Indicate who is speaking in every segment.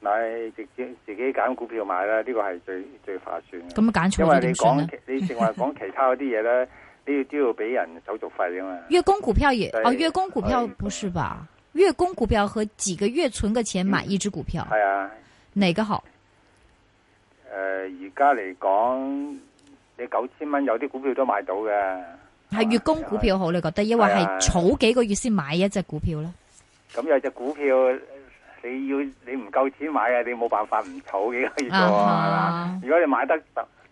Speaker 1: 買直接自己揀股票買啦，呢、這個係最最划算。咁揀錯咗點算啊？因為你講你淨話講其他嗰啲嘢咧， 你要都要俾人手續費啊嘛。月供股票也哦，月供股票
Speaker 2: 不是吧？月供股票和幾個月存嘅錢買一支股票，
Speaker 1: 係、嗯、啊,哪個好？誒、呃，而家嚟講，你九千蚊有啲股票都買到嘅。
Speaker 2: 係月供股票好，是你覺得？抑或係儲幾個月先買一隻股票咧？
Speaker 1: 咁、啊嗯、有隻股票。你要你唔夠錢買啊，你冇辦法唔儲幾個月嘅。如果你買得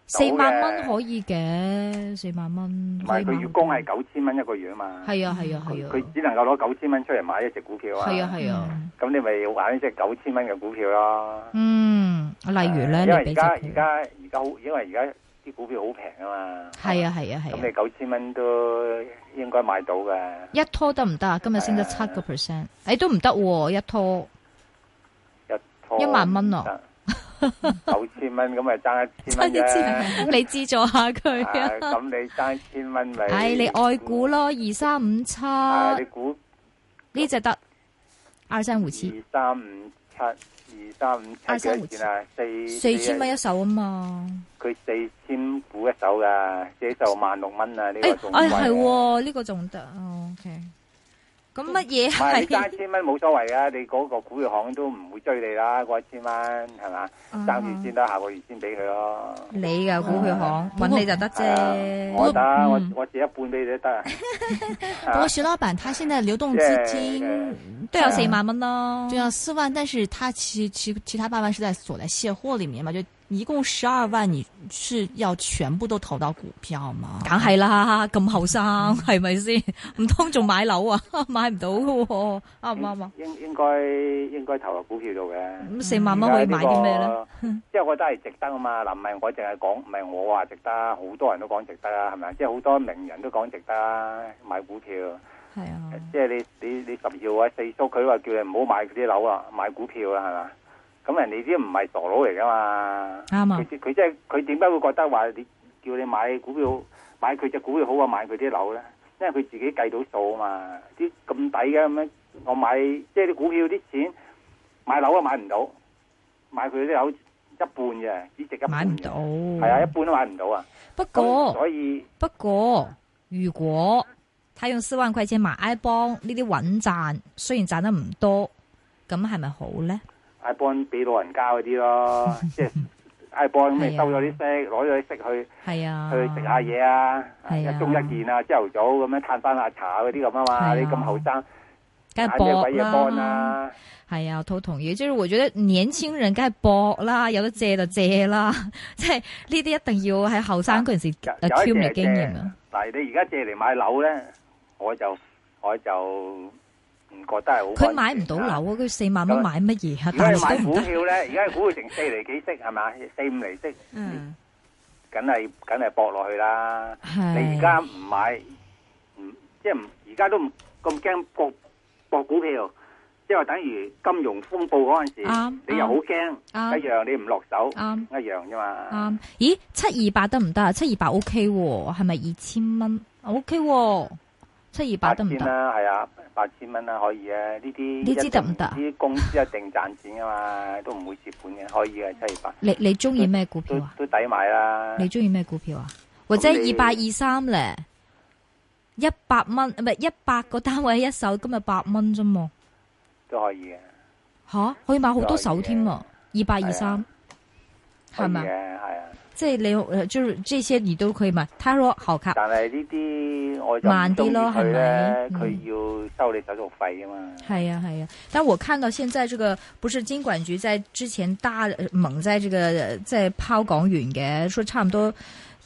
Speaker 1: 四萬蚊可
Speaker 2: 以嘅，四萬蚊。
Speaker 1: 但係佢月供係九千蚊一個月啊嘛。係
Speaker 2: 啊，係啊，係啊。佢
Speaker 1: 只能夠攞九千蚊出嚟買一隻股票啊。係啊，係啊。咁你咪要買一隻九千蚊嘅股票咯。嗯，
Speaker 2: 例如咧，因為而
Speaker 1: 家而家而家好，因為而家啲股票好平啊嘛。
Speaker 2: 係啊，係啊，係。咁你九
Speaker 1: 千蚊都應該買到嘅。一
Speaker 2: 拖得唔得？今日升咗七個 percent，誒，都唔得一拖。一萬蚊咯，
Speaker 1: 九千蚊咁咪爭一千蚊你資助下佢啊！咁 你爭一千蚊咪？哎，你愛
Speaker 2: 估咯，二三五七。啊、你
Speaker 1: 估呢、
Speaker 2: 啊這個、只得二三五
Speaker 1: 七。二三五七錢、啊，二三五七。四四千蚊一手啊嘛！佢四千股一手噶、啊，自己就萬六蚊啊！呢、這個仲係
Speaker 2: 呢個仲得。哦、o、okay、k
Speaker 1: 咁乜嘢係？唔係你千蚊冇所謂啊！你嗰個股票行都唔會追你啦，嗰一千蚊係嘛？揸住先啦，嗯、下個月先俾佢咯。
Speaker 2: 你嘅股票行揾、啊、你就得啫。啊、我得，嗯、
Speaker 1: 我我借一半俾你都得。不 過
Speaker 2: 徐老闆，他現在流動資金都
Speaker 1: 有、yeah, yeah. 四
Speaker 2: 萬蚊咯，
Speaker 3: 就、啊、要四萬，但是他其其其他八萬是在鎖在卸貨裏面嘛，就。一共十二萬，你是要全部都投到股票嘛？梗係啦，咁後生
Speaker 2: 係咪先？唔通仲買樓啊？買唔到嘅，啱唔啱啊？
Speaker 1: 應該應該應該投入股票度嘅。咁、嗯這個、四萬蚊可以買啲咩咧？即係、這個就是、我覺得係值得啊嘛。嗱，唔係我淨係講，唔係我話值得，好多人都講值得啊，係咪啊？即係好多名人都講值得啊買股票。係啊，即、就、係、是、你你你十二萬四叔佢話叫你唔好買啲樓啊，買股票啊，係嘛？咁人哋啲唔係傻佬嚟噶嘛？啱嘛？佢即係佢點解會覺得話你叫你買股票買佢隻股票好啊，買佢啲樓咧？因為佢自己計到數啊嘛！啲咁抵嘅咁樣，我買即係啲股票啲錢買樓啊買唔到，買佢啲樓一半嘅，只值嘅買唔到，係啊，一半都買唔到啊。不過所以
Speaker 2: 不過，如果佢用四萬塊錢買 I 幫呢啲穩賺，雖然賺得唔多，咁係咪好咧？
Speaker 1: I bond 俾老人家嗰啲咯，即 係 I bond 收咗啲息，攞咗啲息去，啊，去食下嘢啊，一盅一件啊，朝頭早咁樣嘆翻下茶嗰啲咁啊嘛，你咁後生，梗係搏啦，
Speaker 2: 係啊，我好、啊啊啊、同意，即、就是我覺得年輕人梗係搏啦，有得借就借啦，即係呢啲一定要喺後生嗰陣時嘅經驗
Speaker 1: 啊。是但係你而家借嚟買樓咧，我就我就。佢買唔到樓
Speaker 2: 啊！佢四萬蚊買乜嘢啊？但係買股票
Speaker 1: 咧，而家股成四釐幾息係嘛？四五釐息。嗯，梗係梗係搏落去啦。係。你而家唔買，唔即係唔而家都唔咁驚搏搏股票，即係等於金融風暴嗰陣時。啱。你又好驚。啱。一樣，你唔落手。啱。一樣啫嘛。
Speaker 2: 啱。咦？七二八得唔得啊？七二八 O K 喎，係咪二千蚊
Speaker 1: ？O K 喎。七二八得唔得？八千係啊，啊，八千蚊啦，啊，可以啊。呢啲呢啲得唔得？呢啲公司一定賺錢噶嘛， 都唔會蝕本嘅，可以啊，七二八。你你
Speaker 2: 中意咩股票啊？
Speaker 1: 都，都抵買啦。你中意咩
Speaker 2: 股票啊？或者二百二三咧？一百蚊唔係一百個單位一手，今日八蚊啫嘛。
Speaker 1: 都可以嘅。
Speaker 2: 吓可以買好多手添啊！二百二三係咪啊？係啊。即係你，誒，就係這些你都可以買。他說好看。但係呢啲
Speaker 1: 我慢啲咯，係咪？佢要收你手續費
Speaker 2: 啊嘛。係、嗯、啊係啊，但我看到現在這個，不是金管局在之前大猛在這個在拋港元嘅，說差唔多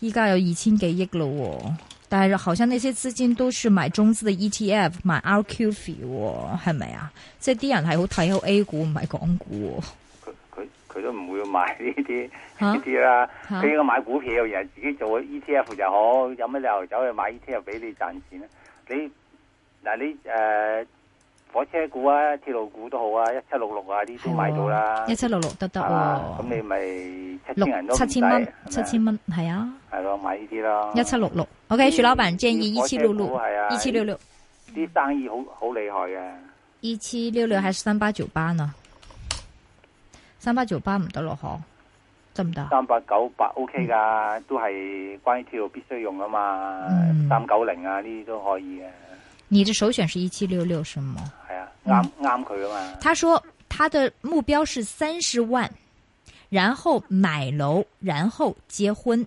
Speaker 2: 依家有二千幾億咯。但係好像那些資金都是買中資的 ETF，買 RQF，係咪啊？即係啲人係好睇好 A 股，唔係港股。
Speaker 1: 佢都唔會買呢啲呢啲啦，佢、啊啊啊、應該買股票，人自己做 E T F 又好，有乜理由走去買 E T F 又俾你賺錢啦。你嗱、啊、你誒、呃、火車股啊，鐵路股都好啊，一七六六啊呢啲、哦、都買到啦，一七六六得得啦、哦，咁、啊、你咪七千銀都六七千蚊七千蚊係啊，係咯、啊、買呢啲咯，一七六六，OK，徐老闆建議一七六六，一、啊、七六六，啲生意好好厲害啊。
Speaker 2: 一七六六還是三八九八呢？三八九八唔得咯嗬，得唔得？
Speaker 1: 三八九八 OK 噶、嗯，都係關於跳必須用啊嘛，三九零啊呢啲都可以啊。
Speaker 2: 你的首選是一七六六是嗎？
Speaker 1: 係啊，啱啱佢啊嘛。他
Speaker 2: 說他的目標是三十萬，然後買樓，然後結婚。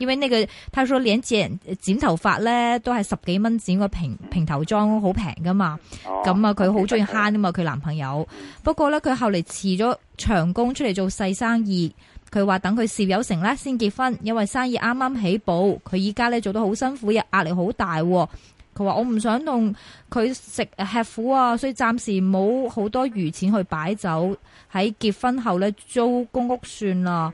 Speaker 2: 因為呢、那個，佢話剪剪頭髮咧都係十幾蚊剪個平平頭裝好平噶嘛，咁啊佢好中意慳啊嘛佢男朋友。嗯、不過咧佢後嚟辭咗長工出嚟做細生意，佢話等佢事業有成呢先結婚，因為生意啱啱起步，佢依家咧做得好辛苦，又壓力好大、啊。佢話我唔想同佢食吃苦啊，所以暫時冇好多餘錢去擺酒，喺結婚後咧租公屋算啦。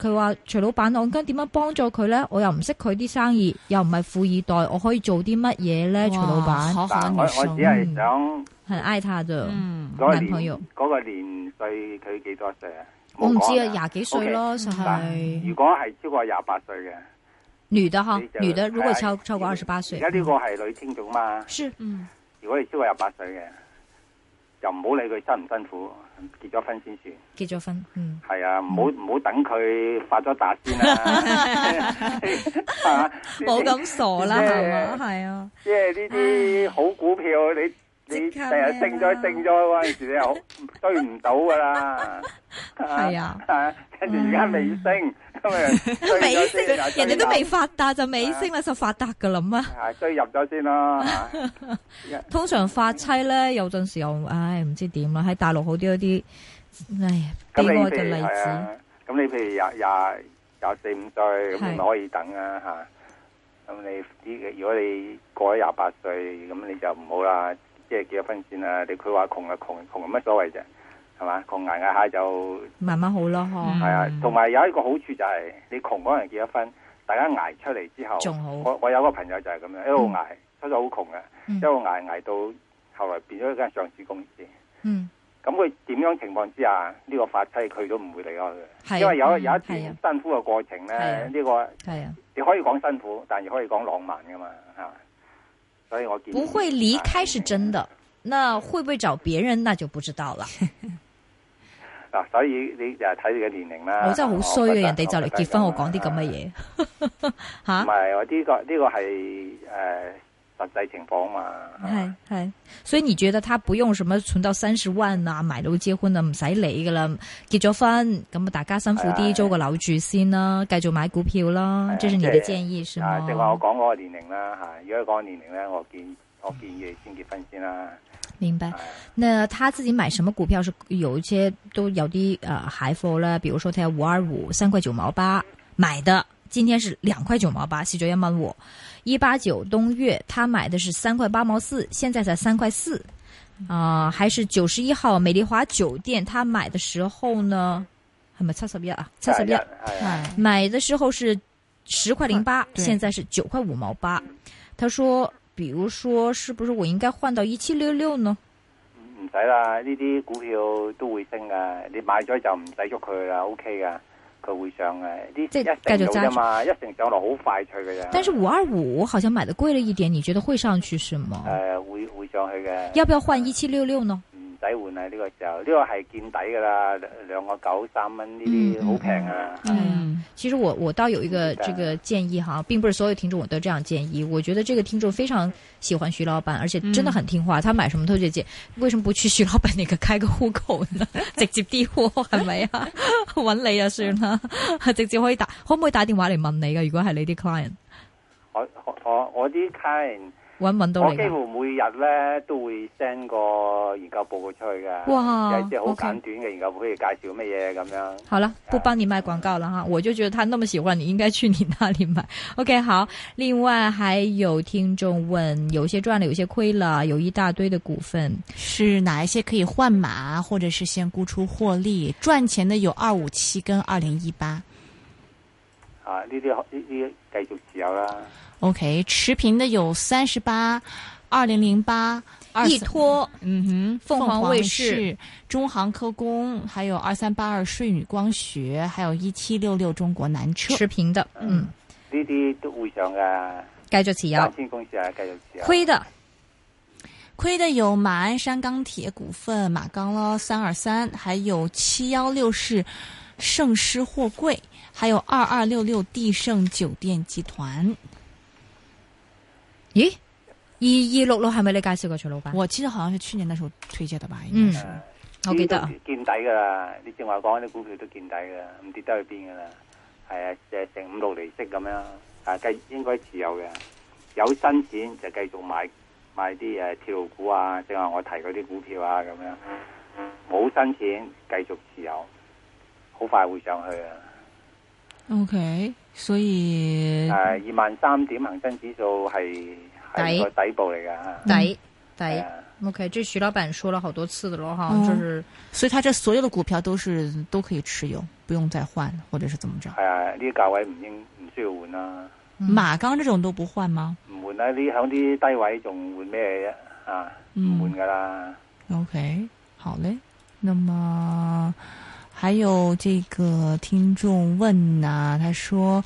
Speaker 2: 佢話徐老闆，我應該點樣幫助佢咧？我又唔識佢啲生意，又唔係富二代，我可以做啲乜嘢咧？徐老闆，我我只係想係嗌他啫。嗯、
Speaker 1: 那個，男朋友嗰、那個年歲佢、那個、幾多歲啊？我唔知啊，廿幾歲咯、okay, 嗯、就係。如果係超，超過廿八歲嘅，
Speaker 2: 女的哈，女的如果超超過二十八歲，而家呢個
Speaker 1: 係女青總嘛？是，嗯。如果係超過廿八歲嘅，就唔好理佢辛唔辛苦。結咗婚先算，結咗婚，嗯，係啊，唔好唔好等佢發咗達先啦，係嘛，冇咁傻啦，係嘛，係啊，即係呢啲好股票你。你成日升咗升咗，嗰陣時你又追唔到噶啦。係啊，跟住而家未升，咁啊升，人哋都未發
Speaker 2: 達就尾升啦，就了發達噶啦嘛。係、
Speaker 1: 啊、追入咗先咯、啊啊。
Speaker 2: 通常發妻咧，有陣時又唉，唔、哎、知點啦。喺大陸好啲嗰啲，唉，
Speaker 1: 悲哀嘅例子。咁你譬如廿廿廿四五歲，咁咪可以等啊吓。咁、啊啊、你如果你過咗廿八歲，咁你就唔好啦。即係結咗婚先啦。你佢話窮啊窮，窮有乜所謂啫？係嘛，窮挨挨下就
Speaker 2: 慢慢好咯。係、嗯、啊，同、嗯、埋
Speaker 1: 有一個好處就係、是、你窮嗰陣結咗婚，大家挨出嚟之後，仲好。我我有個朋友就係咁樣，一路挨，出咗好窮嘅，一路挨挨到、嗯、後來變咗一間上市公司。嗯，咁佢點樣情況之下呢、這個髮妻佢都唔會離開佢，因為有、嗯、有一段辛苦嘅過程咧。呢、啊這個係啊，你可以講辛苦，但亦可以講浪漫噶嘛，吓。所以我不會離開
Speaker 2: 是真的，那會不會找別人，那就不知道了。
Speaker 1: 嗱、 啊，所以你就係睇你嘅年齡啦，我真係好衰嘅人哋就嚟結婚，我講啲咁嘅嘢，吓、呃？唔 係、啊，呢、呢個呢、呢個係誒。呃實
Speaker 2: 際情況嘛，係係，所以你覺得他不用什麼存到三十萬啊，嗯、買樓結婚啊唔使理噶啦，結咗婚咁啊，大家辛苦啲租個樓住先啦、啊啊，繼續買股票啦，即係、啊、是你嘅建議是嗎？是啊，正話我講嗰個年齡啦，吓、啊，如果
Speaker 1: 講個年齡咧，我建我建議，我建議你先結婚先
Speaker 2: 啦。明白、啊，那他自己買什麼股票，是有一些都有啲啊蟹貨啦，比如說他有五二五三塊九毛八買的。今天是兩塊九毛八，喜周要八我一八九東月他買的是三塊八毛四，現在才三塊四，啊、嗯呃，還是九十一號美麗華酒店，他買的時候呢，係咪七十一啊，七十
Speaker 1: 一，
Speaker 2: 買的時候是十塊零八，現在是九塊五毛八，他說，比如說是不是我應該換到一七六六呢？
Speaker 1: 唔使啦，呢啲股票都會升噶，你買咗就唔使郁佢啦，OK 噶。會上去
Speaker 2: 嘅，啲即係繼續揸住啊嘛，一定
Speaker 1: 上落好快脆嘅。但是五
Speaker 2: 二五好像買的貴了一點，你覺得會上去是
Speaker 1: 嗎？誒、呃，會會上去嘅。要
Speaker 2: 不要換一七六六呢？呃
Speaker 1: 使換啊！呢個時候呢、呢個係見底噶啦，兩個九三蚊呢啲好平
Speaker 2: 啊！嗯，嗯，其實我我倒有一個這個建議哈，並不是所有聽眾我都這樣建議。我覺得這個聽眾非常喜歡徐老闆，而且真的很聽話，嗯、他買什麼都直接。為什麼不去徐老闆那個開個戶口呢？直接啲係咪啊？搵 你就算啦，直接可以打，可唔可以打電話嚟問你噶？如果係你啲 client，我
Speaker 1: 我我啲 client。
Speaker 2: 玩玩都我幾乎
Speaker 1: 每日咧都會 send 個研究報告出去㗎，有啲好簡短嘅研究報告嚟介紹乜嘢咁樣。
Speaker 2: 好啦，不幫你賣廣告啦哈、啊，我就覺得他那麼喜歡，你應該去你那裏買。OK，好。另外還有聽眾問，有些賺了，有些虧了，了，有一大堆的股份，是哪一些可以換馬，或者
Speaker 3: 是先沽出獲利賺錢的有二五七跟二零一八。
Speaker 1: 啊！呢啲呢啲繼續持
Speaker 3: 有啦。OK，持平的有三十八、二零零八、一拖。嗯哼、嗯，鳳凰衛視、中航科工，還有二三八二舜宇光學，還有一七六六中國南車。持平的，
Speaker 1: 嗯。呢、啊、啲都會上噶。繼續持有。繼續持有。虧的，
Speaker 3: 虧的有馬鞍山鋼鐵股份、馬鋼咯，三二三，還有七幺六是勝獅貨櫃。還有二二六六帝盛酒店集團，
Speaker 2: 咦，二二六六係咪你介紹過徐老闆，我記得好像是去年那時候推薦的吧，嗯，啊、
Speaker 1: 我記得見底噶啦，你正話講啲股票都見底噶，唔跌得去邊噶啦，係啊，就剩五六利息咁樣，啊，計應該持有嘅，有新錢就繼續買買啲誒鐵路股啊，正話我提嗰啲股票啊，咁樣，冇新錢繼續持有，好快會上去啊。O、okay,
Speaker 2: K，所以誒
Speaker 1: 二萬三點恒生指數，係底個底部嚟噶，底
Speaker 2: 底。O K，即係徐老闆說了好多次嘅咯，哈、uh，就是，
Speaker 3: 所以他這所有嘅股票都是都可以持有，不用再換，或者是怎麼着。
Speaker 1: 係呢啲價位唔應唔需要換啦、
Speaker 3: 啊嗯。馬鋼呢種都不換嗎？
Speaker 1: 唔換啦、啊，呢響啲低位仲換咩啫？啊，唔換噶啦。嗯、
Speaker 3: o、okay, K，好咧，那麼。還有這個聽眾問呐、啊，他說：“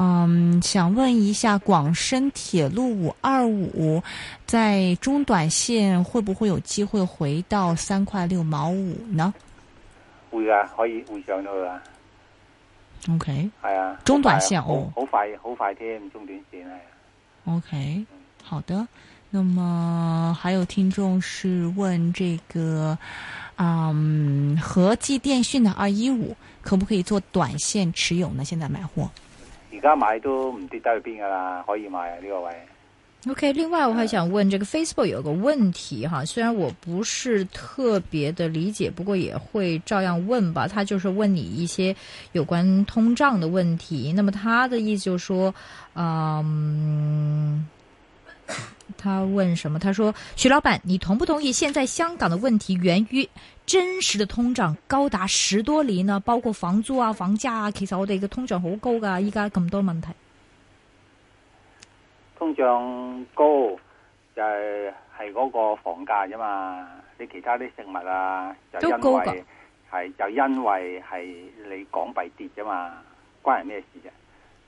Speaker 3: 嗯，想問一下廣深鐵路五二五，在中短線會不會有機會回到三塊六毛五呢？”會啊，可
Speaker 1: 以回上去啊。
Speaker 3: OK。係
Speaker 1: 啊。中短線哦。好快，好快，添。中短線啊。
Speaker 3: OK，好的。那麼還有聽眾是問這個。嗯，和記電訊的二一五，可不可以做短線持有呢？現在買貨？
Speaker 1: 而家買都唔跌得去邊噶啦，可以買呢、呢個位。
Speaker 2: OK，另外我還想問、嗯、這個 Facebook 有個問題哈，雖然我不是特別的理解，不過也會照樣問吧。他就是問你一些有關通脹的問題。那麼他的意思就是說，嗯。他問什麼？他說：徐老闆，你同不同意？現在香港的問題源於真實的通脹高達十多厘呢？包括房租啊、房價啊，其實我哋嘅通脹好高噶，依家咁多問題。
Speaker 1: 通脹高就係、係、嗰個房價啫嘛？你其他啲食物啊，都高噶，係就因為係、啊、你港幣跌啫嘛？關人咩事啊？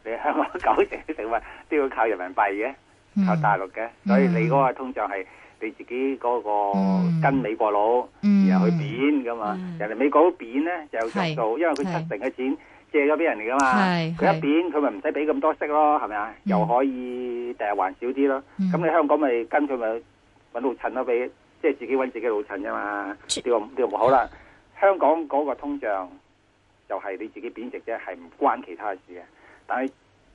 Speaker 1: 你香港九成嘅食物都要靠人民幣嘅。嗯、靠大陸嘅，所以你嗰個通脹係你自己嗰個跟美國佬，嗯、然後去貶嘅嘛。嗯、人哋美國貶咧就有著數，因為佢七成嘅錢借咗俾人哋嘅嘛。佢一貶佢咪唔使俾咁多息咯，係咪啊？又可以誒還，還少啲咯。咁、嗯、你香港咪跟佢咪揾老襯咯，俾即係自己揾自己老襯啫嘛。呢、這個呢、這個、唔好啦，香港嗰個通脹就係你自己貶值啫，係、就、唔、是、關其他嘅事嘅。但係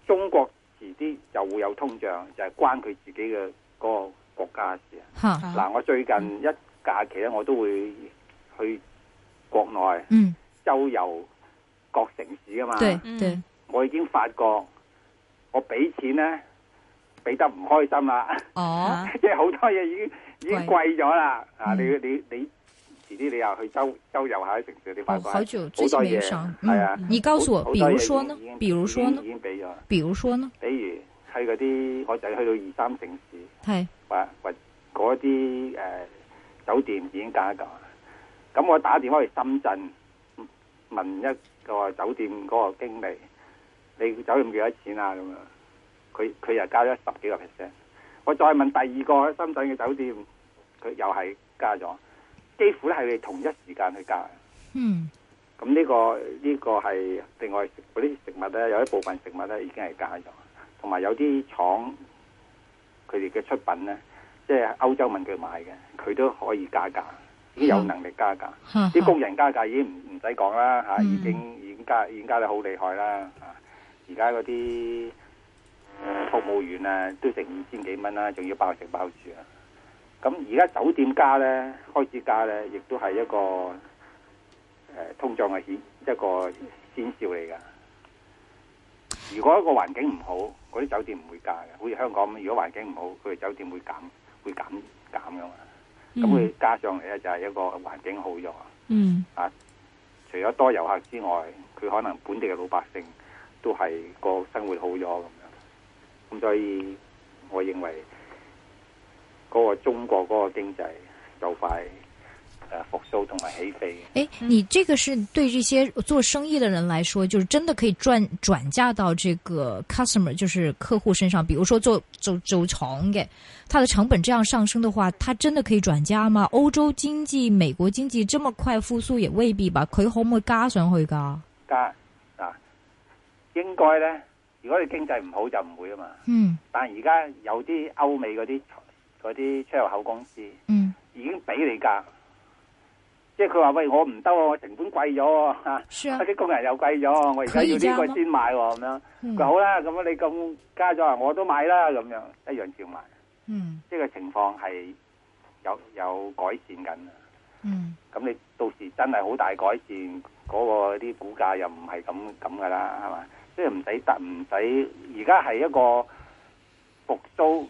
Speaker 1: 中國。遲啲就會有通脹，就係、是、關佢自己嘅嗰個國家事啊！嗱，我最近一假期咧，我都會去國內周遊各城市啊嘛。對、嗯、對，我已經發覺我俾錢咧俾得唔開心啦。哦，即係好多嘢已經已經貴咗啦！啊、嗯，你你你。你遲啲你又去周周遊下啲城市，oh, 你快快好多嘢係啊，好,、
Speaker 2: 嗯、你告訴我好多嘢已經俾咗。比如說呢，比如說呢，比如說呢，
Speaker 1: 比如喺嗰啲，我仔去到二三城市，係或或嗰啲誒酒店已經加價啦。咁、啊、我打電話去深圳問一個酒店嗰個經理，你酒店幾多錢啊？咁樣，佢佢又加咗十幾個 percent。我再問第二個深圳嘅酒店，佢又係加咗。幾乎咧係佢同一時間去加的，嗯，咁呢、呢個呢、呢個係另外啲食物咧，有一部分食物咧已經係加咗，同埋有啲廠佢哋嘅出品咧，即係歐洲問佢買嘅，佢都可以加價，已經有能力加價，啲、嗯、工人加價已經唔唔使講啦吓，已經已經加已經加得好厲害啦，而家嗰啲服務員啊都成二千幾蚊啦，仲要包食包住啊！咁而家酒店加咧，開始加咧，亦都係一個誒、呃、通脹嘅顯一個先兆嚟噶。如果一個環境唔好，嗰啲酒店唔會加嘅。好似香港咁，如果環境唔好，佢嘅酒店會減會減減噶嘛。咁佢加上嚟咧就係一個環境好咗。嗯、mm.。啊，除咗多遊客之外，佢可能本地嘅老百姓都係個生活好咗咁樣。咁所以，我認為，嗰個中國嗰個經濟就快誒復甦同埋起
Speaker 2: 飛。誒，你這個是對這些做生意的人來說，就是真的可以轉轉嫁到這個 customer，就是客戶身上。比如說做做做廠，嘅，它的成本這樣上升的話，它真的可以轉嫁嗎？歐洲經濟、美國經濟這麼快復蘇，也未必吧？佢可唔可以加上去噶？加
Speaker 1: 啊，應該咧。如果你經濟唔好，就唔會啊嘛。嗯。但係，而家有啲歐美嗰啲。嗰啲出入口公司，嗯，已經俾你㗎，即係佢話喂，我唔得啊，我成本貴咗啊，啊啲工人又貴咗，我而家要呢個先買喎咁樣，樣，咁、嗯、好啦，咁啊你咁加咗，我都買啦咁樣，一樣照買，嗯，即、就、係、是、個情況係有有改善緊啊，嗯，咁你到時真係好大改善，嗰、那個啲股價又唔係咁咁㗎啦，係嘛，即係唔使搭，唔使而家係一個復甦。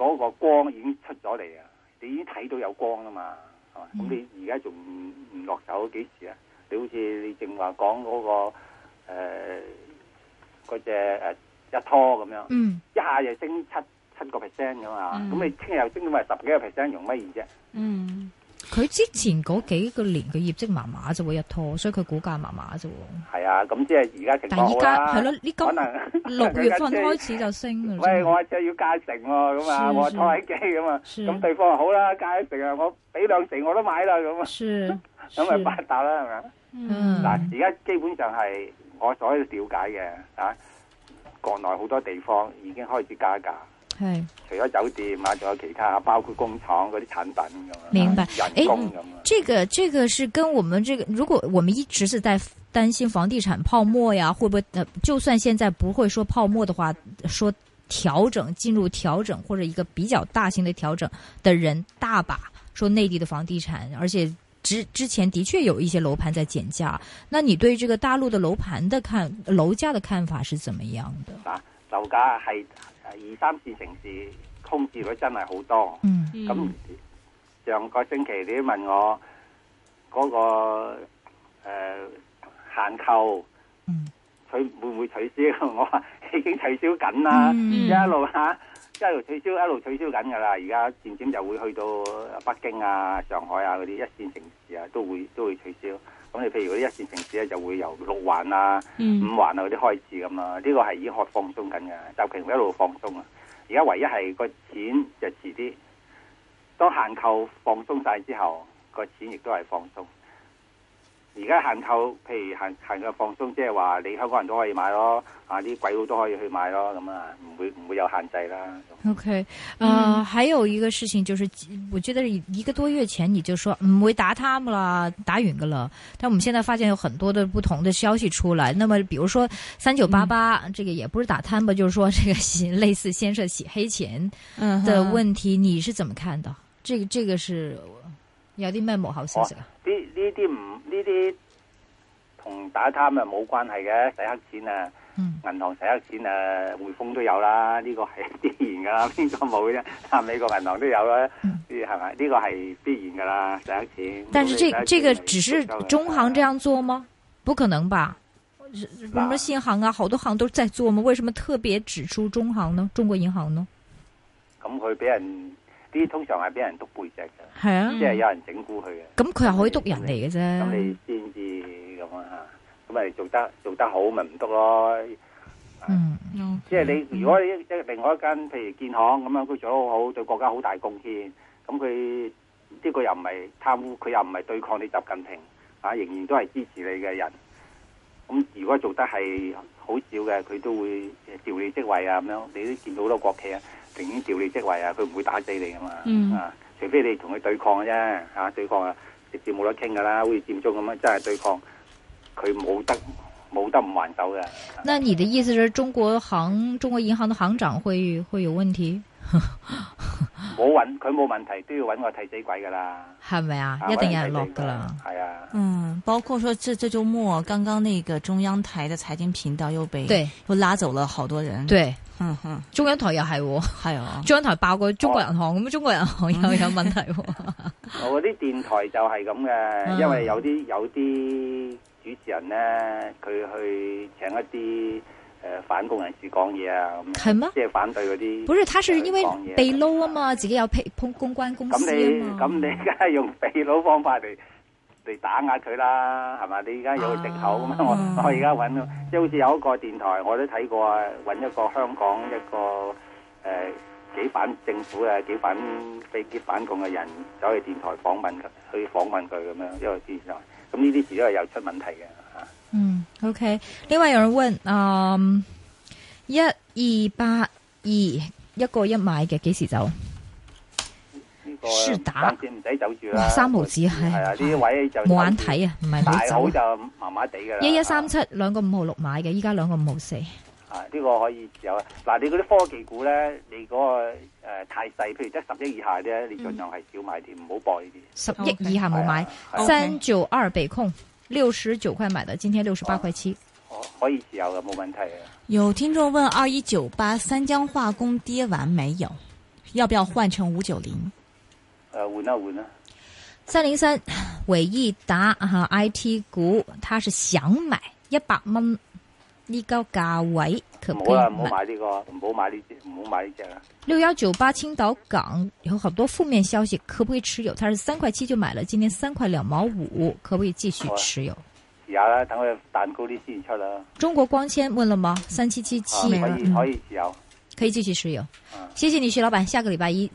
Speaker 1: 嗰個光已經出咗嚟啊！你已經睇到有光啊嘛，係嘛？咁你而家仲唔落手幾時啊？你好似你正話講嗰個誒嗰隻一拖咁樣，一下就升七七個 percent 㗎嘛？咁你聽日又升到埋十幾個 percent，用乜嘢啫？嗯，嗯。嗯嗯
Speaker 2: 嗯佢之前嗰幾個年佢業績麻麻就會，入拖，所以佢股價麻麻啫喎。
Speaker 1: 係啊，咁即係而家直講啦。但係而家係咯，呢今，今六月份開始就升啦。 喂，我話即係要加成喎，咁啊，我坐喺機咁啊，咁對方話好啦，加成啊，是是我俾兩成我都買啦，咁啊。咁咪發達啦，係咪？嗯。嗱，而家基本上係我所瞭解嘅啊，國內好多地方已經開始加價。除咗酒店啊，仲有其他，包括工廠嗰啲產品，明白，人工咁、
Speaker 2: 欸、這個，這個是跟我們這個，如果我們一直是在擔心房地產泡沫呀，會不會？就算現在不會說泡沫的話，說調整進入調整或者一個比較大型的調整的人大把。說內地的房地產，而且之之前的確有一些樓盤在減價。那你對這個大陸的樓盤的看樓價的看法是怎麼樣
Speaker 1: 的？啊，樓價係。二三線城市空置率真係好多，咁、嗯、上個星期你問我嗰、那個誒限購，佢、呃、會唔會取消？ 我話已經取消緊啦，而、嗯、家一路吓。一路取消，一路取消緊㗎啦。而家漸漸就會去到北京啊、上海啊嗰啲一線城市啊，都會都會取消。咁你譬如啲一線城市咧、啊，就會由六環啊、五環啊嗰啲開始咁啦。呢、呢個係已經開始放鬆緊嘅，尤其係一路放鬆啊。而家唯一係個錢就遲啲。當限購放鬆晒之後，個錢亦都係放鬆的。而家限購，譬如限限購放鬆，即係話你香港人都可以買咯，啊啲鬼佬都可以去買咯，咁啊，唔會唔會有限制啦。
Speaker 2: OK，啊、呃嗯，還有一個事情就是，我覺得一個多月前你就說唔會、嗯、打貪啦、打遠噶了，但我們現在發現有很多的不同的消息出來。那麼，比如說三九八八，這個也不是打貪吧，就是說這個洗類似先生洗黑錢的問題、嗯，你是怎麼看的？這個這個是。有啲咩幕後消息啊？
Speaker 1: 呢呢啲唔呢啲同打貪又冇關係嘅，洗黑錢啊、嗯，銀行洗黑錢啊，匯豐都有啦，呢個係必然噶啦，邊個冇啫？美國銀行都有啦，係、嗯、咪？呢個係必然噶啦，洗黑錢。但是呢這，這，這個只是中
Speaker 2: 行這樣做嗎？嗯、不可能吧？什麼新行啊？好多行都在做嘛？為什麼特別指出中行呢？中國銀行呢？
Speaker 1: 咁佢俾人。嗯嗯嗯嗯嗯嗯啲通常係俾人督背脊嘅，係啊，即係有人整蠱佢嘅。
Speaker 2: 咁佢又可以督人嚟嘅啫。咁、嗯、你
Speaker 1: 先至咁啊吓？咁咪做得做得好咪唔督咯？嗯，okay，啊、即係你、嗯、如果你即係另外一間譬如建行咁樣，佢做得好好，對國家好大貢獻，咁佢呢佢又唔係貪污，佢又唔係對抗你習近平啊，仍然都係支持你嘅人。咁、啊、如果做得係好少嘅，佢都會調你職位啊，咁樣你都見到好多國企啊。平調你職位啊，佢唔會打死你噶嘛，嗯啊，除非你同佢對抗嘅啫，吓對抗啊，直接冇得傾噶啦，好似佔中咁樣，真係對抗，佢冇得冇得唔還手嘅。
Speaker 2: 那你的意思是中國行中國銀行的行長會會有問題？
Speaker 1: 冇揾佢冇問題，都要揾個替死鬼噶啦。係咪啊？一定要落噶啦。係啊。
Speaker 2: 嗯，
Speaker 3: 包括說這這周末剛剛那個中央台的財經頻道又被對又
Speaker 1: 拉走了好多人。對。
Speaker 2: 中台是嗯嗯，中央台又係，係啊，中央台爆過中國銀行咁，嗯，中國銀行又有問題。
Speaker 1: 我、嗯、啲、嗯、 電台就係咁嘅，因為有啲有啲主持人咧，佢去請一啲誒、呃、反共人士講嘢啊，咁係咩，即係反對嗰啲。不是，他是因為被
Speaker 2: 撈啊嘛，呃，自己有公公關公司啊嘛，
Speaker 1: 咁你咁你用被撈方法嚟？你打壓佢啦，係咪？你而家有個藉口咁樣、啊，我我而家揾，即係好似有一個電台，我都睇過啊，揾一個香港一個誒、呃、幾反政府嘅、幾反被揭反共嘅人走去電台訪問佢，去訪問佢咁樣一個電台。咁呢啲事都係又出問題嘅嚇。
Speaker 2: 嗯，OK。另外有人問，嗯，一二八二一個一買嘅幾時走？
Speaker 1: 是打，唔使走住，哇！三毫紙係，冇眼睇啊，唔係、啊啊、好走，就麻麻地噶啦。一一
Speaker 2: 三七兩個五號六買嘅，依家兩個五號四。啊，呢、
Speaker 1: 這個可以持有。嗱、啊，你嗰啲科技股咧，你嗰、那個誒、呃、太細，譬如得十億以下咧、嗯，你盡量係少買啲，唔好博呢啲。
Speaker 2: 十億以下冇買，三九二北控六十九塊買嘅，今天六十八塊七，
Speaker 1: 可以持有嘅冇問題啊。
Speaker 3: 有聽眾問：二一九八三江化工跌完沒有？要不要換成五
Speaker 2: 九零？誒、啊，換啦換啦！三零三偉易達哈，IT 股，他是想買一百蚊呢、這個價位，可唔可以買？冇啦，唔好買呢、這個，唔好買呢、這、隻、個，唔好買呢
Speaker 1: 隻啊！
Speaker 2: 六幺九八青島港有好多負面消息，可不可以持有？他是三塊七就買了，今天三塊兩毛五，可不可以繼續持
Speaker 1: 有？以後、啊、等佢彈高啲先出啦。
Speaker 2: 中國光纖問了嗎、嗯？三七七七、啊，可以可以持有、嗯，可以繼續持有。嗯、謝謝你徐老闆，下個禮拜一。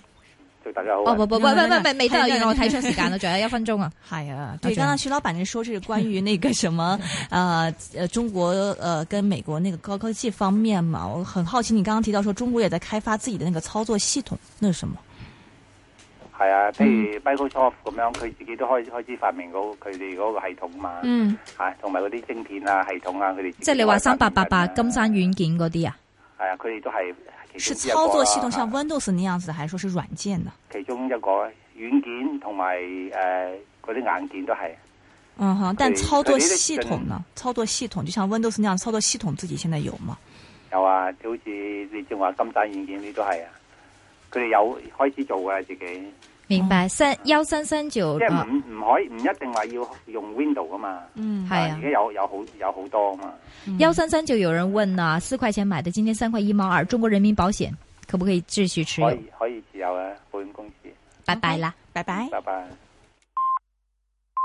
Speaker 3: 對大家好。哦，不不，喂喂喂喂，未得，因為我睇出時間啦，仲
Speaker 2: 有一分鐘 啊。係啊，佢剛剛徐老闆你
Speaker 3: 說是關於那個什麼，誒、啊、誒， 中國誒、啊、跟美國那個高科技方面嘛，我很好奇，你剛剛提到說中國也在開發自己的那個操作系統，那是什麼？
Speaker 1: 係啊，譬如 Microsoft 咁樣，佢自己都開開始發明到佢哋嗰個系統嘛。嗯。吓、啊，同埋嗰啲晶片啊、系統啊，佢哋即係你話三八八八金
Speaker 2: 山軟件嗰啲啊？
Speaker 1: 係啊，佢哋都係。是操作系統像
Speaker 3: Windows 那樣子，還是說是軟件
Speaker 1: 呢？其中一個軟件同埋誒嗰啲硬件都係，嗯，吓，
Speaker 3: 但操作系統呢？操作系統，操作系統就像 Windows 那樣，操作系統自己現在有嗎？
Speaker 1: 有啊，就好似你正話金山軟件呢都係啊，佢哋有開始做嘅自己。
Speaker 2: 明白，哦、三幺三三九，1339, 即係唔唔
Speaker 1: 可以唔一定話要用 window 㗎嘛，係、嗯、啊，而家、啊、有有好有好多啊嘛。
Speaker 2: 幺三三九有人問啊，四塊錢買的，今天三塊一毛二，中國人民保險可唔可以繼續持有？可以
Speaker 1: 可以持有啊，保險公司。拜拜啦，拜拜。拜拜。